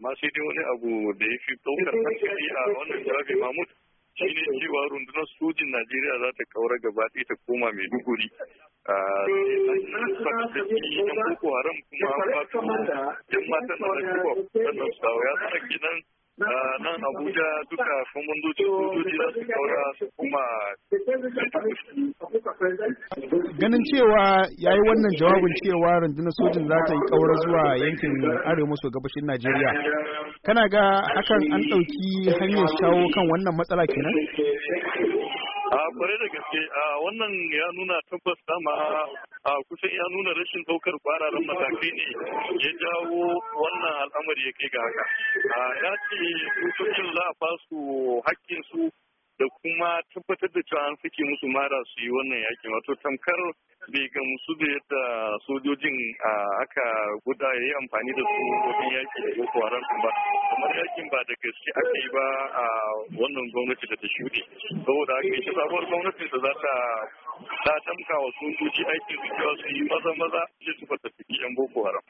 amma sai dai wani abu da ya fi ɗaukar hankali a wannan Jabi mahmud shine cewa rundunar sojin najeriya za ta kaura gaba ɗaya ta koma maiduguri a eh, yan boko haram kuma ba su yan matan na na sannan su ya sa nan abuja duka kwamandocin sojoji za su kaura su kuma Ganin cewa ya yi wannan jawabin cewa rundunar sojin za ta yi kaura zuwa yankin arewa maso gabashin Najeriya. Kana ga hakan an ɗauki hanyar shawo kan wannan matsala kenan? a kwarai da gaske a wannan ya nuna tabbas dama a kusan ya nuna rashin daukar kwararan matakai ne ya jawo wannan al'amari ya kai ga haka ya ce tutocin za a basu hakkin su da kuma tabbatar da cewa an sake musu mara su yi wannan yaki wato tamkar bai ga musu da yadda sojojin aka guda ya yi amfani da su wajen yaki da boko haram ba kamar yakin ba da gaske aka yi ba a wannan gwamnati da ta shuɗe saboda aka yi sabuwar gwamnati da za ta ta tamka wa sojoji aikin su cewa su yi maza maza su fatattaki yan boko haram